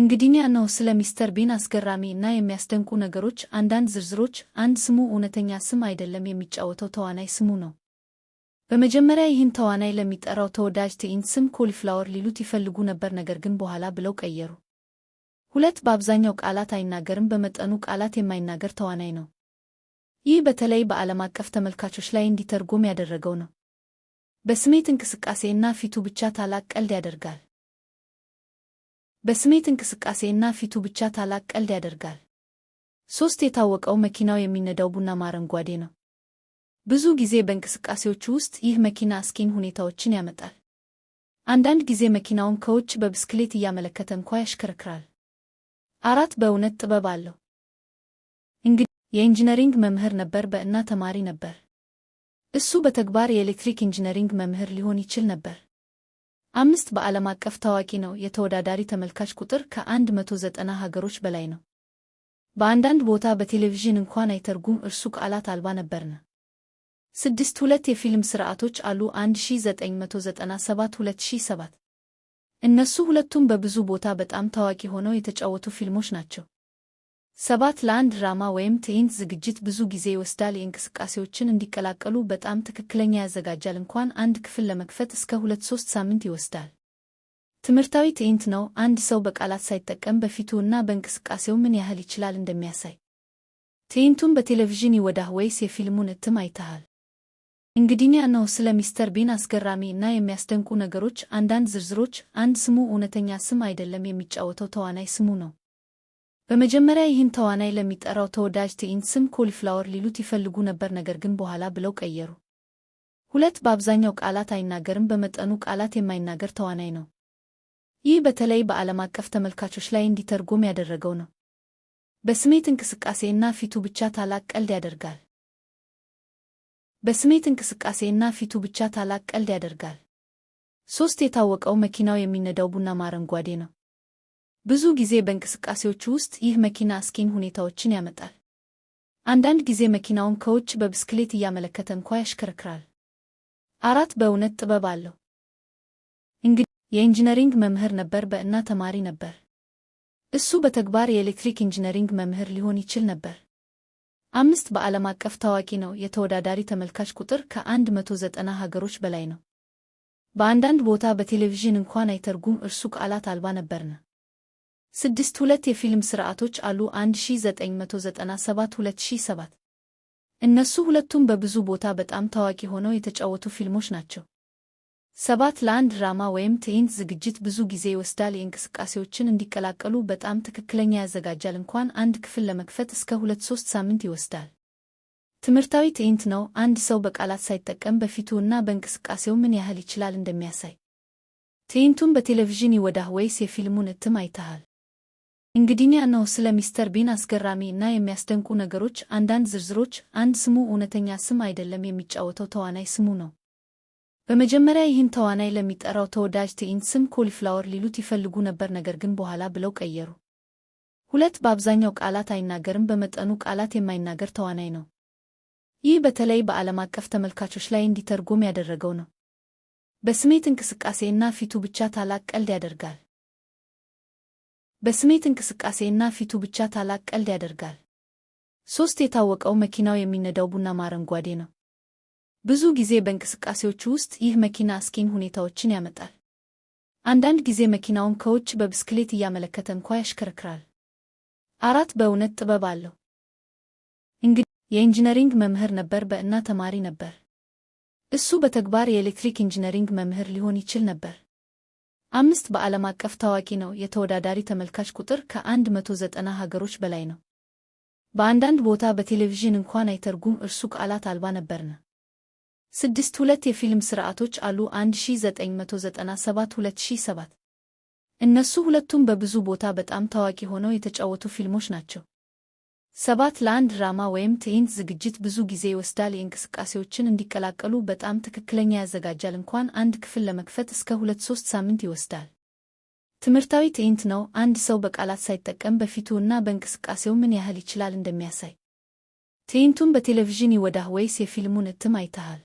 እንግዲኛ ነው ስለ ሚስተር ቢን አስገራሚ እና የሚያስደንቁ ነገሮች አንዳንድ ዝርዝሮች። አንድ ስሙ እውነተኛ ስም አይደለም፣ የሚጫወተው ተዋናይ ስሙ ነው። በመጀመሪያ ይህን ተዋናይ ለሚጠራው ተወዳጅ ትዕይንት ስም ኮሊፍላወር ሊሉት ይፈልጉ ነበር፣ ነገር ግን በኋላ ብለው ቀየሩ። ሁለት በአብዛኛው ቃላት አይናገርም፣ በመጠኑ ቃላት የማይናገር ተዋናይ ነው። ይህ በተለይ በዓለም አቀፍ ተመልካቾች ላይ እንዲተርጎም ያደረገው ነው። በስሜት እንቅስቃሴ እና ፊቱ ብቻ ታላቅ ቀልድ ያደርጋል። በስሜት እንቅስቃሴና ፊቱ ብቻ ታላቅ ቀልድ ያደርጋል። ሶስት የታወቀው መኪናው የሚነዳው ቡናማ አረንጓዴ ነው። ብዙ ጊዜ በእንቅስቃሴዎቹ ውስጥ ይህ መኪና አስኪን ሁኔታዎችን ያመጣል። አንዳንድ ጊዜ መኪናውን ከውጭ በብስክሌት እያመለከተ እንኳ ያሽከረክራል። አራት በእውነት ጥበብ አለው። እንግዲህ የኢንጂነሪንግ መምህር ነበር፣ በእና ተማሪ ነበር። እሱ በተግባር የኤሌክትሪክ ኢንጂነሪንግ መምህር ሊሆን ይችል ነበር። አምስት በዓለም አቀፍ ታዋቂ ነው። የተወዳዳሪ ተመልካች ቁጥር ከ190 ሀገሮች በላይ ነው። በአንዳንድ ቦታ በቴሌቪዥን እንኳን አይተርጉም፣ እርሱ ቃላት አልባ ነበርነ። ስድስት ሁለት የፊልም ስርዓቶች አሉ 1997 2007 እነሱ ሁለቱም በብዙ ቦታ በጣም ታዋቂ ሆነው የተጫወቱ ፊልሞች ናቸው። ሰባት ለአንድ ድራማ ወይም ትዕይንት ዝግጅት ብዙ ጊዜ ይወስዳል። የእንቅስቃሴዎችን እንዲቀላቀሉ በጣም ትክክለኛ ያዘጋጃል። እንኳን አንድ ክፍል ለመክፈት እስከ ሁለት ሶስት ሳምንት ይወስዳል። ትምህርታዊ ትዕይንት ነው። አንድ ሰው በቃላት ሳይጠቀም በፊቱ እና በእንቅስቃሴው ምን ያህል ይችላል እንደሚያሳይ። ትዕይንቱን በቴሌቪዥን ይወዳህ ወይስ የፊልሙን እትም አይተሃል? እንግዲህ ነው። ስለ ሚስተር ቢን አስገራሚ እና የሚያስደንቁ ነገሮች አንዳንድ ዝርዝሮች። አንድ ስሙ እውነተኛ ስም አይደለም። የሚጫወተው ተዋናይ ስሙ ነው። በመጀመሪያ ይህን ተዋናይ ለሚጠራው ተወዳጅ ትዕይንት ስም ኮሊፍላወር ሊሉት ይፈልጉ ነበር፣ ነገር ግን በኋላ ብለው ቀየሩ። ሁለት በአብዛኛው ቃላት አይናገርም፣ በመጠኑ ቃላት የማይናገር ተዋናይ ነው። ይህ በተለይ በዓለም አቀፍ ተመልካቾች ላይ እንዲተርጎም ያደረገው ነው። በስሜት እንቅስቃሴና ፊቱ ብቻ ታላቅ ቀልድ ያደርጋል። በስሜት እንቅስቃሴና ፊቱ ብቻ ታላቅ ቀልድ ያደርጋል። ሶስት የታወቀው መኪናው የሚነዳው ቡናማ አረንጓዴ ነው። ብዙ ጊዜ በእንቅስቃሴዎች ውስጥ ይህ መኪና አስቂኝ ሁኔታዎችን ያመጣል። አንዳንድ ጊዜ መኪናውን ከውጭ በብስክሌት እያመለከተ እንኳ ያሽከረክራል። አራት በእውነት ጥበብ አለው። እንግዲህ የኢንጂነሪንግ መምህር ነበር በእና ተማሪ ነበር። እሱ በተግባር የኤሌክትሪክ ኢንጂነሪንግ መምህር ሊሆን ይችል ነበር። አምስት በዓለም አቀፍ ታዋቂ ነው። የተወዳዳሪ ተመልካች ቁጥር ከ190 ሀገሮች በላይ ነው። በአንዳንድ ቦታ በቴሌቪዥን እንኳን አይተርጉም። እርሱ ቃላት አልባ ነበርነ ስድስት ሁለት የፊልም ስርዓቶች አሉ 1997 2007 እነሱ ሁለቱም በብዙ ቦታ በጣም ታዋቂ ሆነው የተጫወቱ ፊልሞች ናቸው። ሰባት ለአንድ ድራማ ወይም ትዕይንት ዝግጅት ብዙ ጊዜ ይወስዳል። የእንቅስቃሴዎችን እንዲቀላቀሉ በጣም ትክክለኛ ያዘጋጃል። እንኳን አንድ ክፍል ለመክፈት እስከ ሁለት ሶስት ሳምንት ይወስዳል። ትምህርታዊ ትዕይንት ነው። አንድ ሰው በቃላት ሳይጠቀም በፊቱ እና በእንቅስቃሴው ምን ያህል ይችላል እንደሚያሳይ። ትዕይንቱን በቴሌቪዥን ይወዳህ ወይስ የፊልሙን እትም አይተሃል? እንግዲኛ ነው ስለ ሚስተር ቢን አስገራሚ እና የሚያስደንቁ ነገሮች አንዳንድ ዝርዝሮች። አንድ ስሙ እውነተኛ ስም አይደለም፣ የሚጫወተው ተዋናይ ስሙ ነው። በመጀመሪያ ይህን ተዋናይ ለሚጠራው ተወዳጅ ትዕይንት ስም ኮሊፍላወር ሊሉት ይፈልጉ ነበር፣ ነገር ግን በኋላ ብለው ቀየሩ። ሁለት በአብዛኛው ቃላት አይናገርም፣ በመጠኑ ቃላት የማይናገር ተዋናይ ነው። ይህ በተለይ በዓለም አቀፍ ተመልካቾች ላይ እንዲተርጎም ያደረገው ነው። በስሜት እንቅስቃሴ እና ፊቱ ብቻ ታላቅ ቀልድ ያደርጋል። በስሜት እንቅስቃሴና ፊቱ ብቻ ታላቅ ቀልድ ያደርጋል። ሦስት የታወቀው መኪናው የሚነዳው ቡናማ አረንጓዴ ነው። ብዙ ጊዜ በእንቅስቃሴዎቹ ውስጥ ይህ መኪና አስኪኝ ሁኔታዎችን ያመጣል። አንዳንድ ጊዜ መኪናውን ከውጭ በብስክሌት እያመለከተ እንኳ ያሽከረክራል። አራት በእውነት ጥበብ አለው። እንግዲህ የኢንጂነሪንግ መምህር ነበር በእና ተማሪ ነበር። እሱ በተግባር የኤሌክትሪክ ኢንጂነሪንግ መምህር ሊሆን ይችል ነበር። አምስት በዓለም አቀፍ ታዋቂ ነው። የተወዳዳሪ ተመልካች ቁጥር ከ190 ሀገሮች በላይ ነው። በአንዳንድ ቦታ በቴሌቪዥን እንኳን አይተርጉም፣ እርሱ ቃላት አልባ ነበርነ። ስድስት ሁለት የፊልም ስርዓቶች አሉ 1997 2007 እነሱ ሁለቱም በብዙ ቦታ በጣም ታዋቂ ሆነው የተጫወቱ ፊልሞች ናቸው። ሰባት ለአንድ ድራማ ወይም ትዕይንት ዝግጅት ብዙ ጊዜ ይወስዳል። የእንቅስቃሴዎችን እንዲቀላቀሉ በጣም ትክክለኛ ያዘጋጃል። እንኳን አንድ ክፍል ለመክፈት እስከ ሁለት ሶስት ሳምንት ይወስዳል። ትምህርታዊ ትዕይንት ነው። አንድ ሰው በቃላት ሳይጠቀም በፊቱ እና በእንቅስቃሴው ምን ያህል ይችላል እንደሚያሳይ። ትዕይንቱን በቴሌቪዥን ይወዳህ ወይስ የፊልሙን እትም አይተሃል?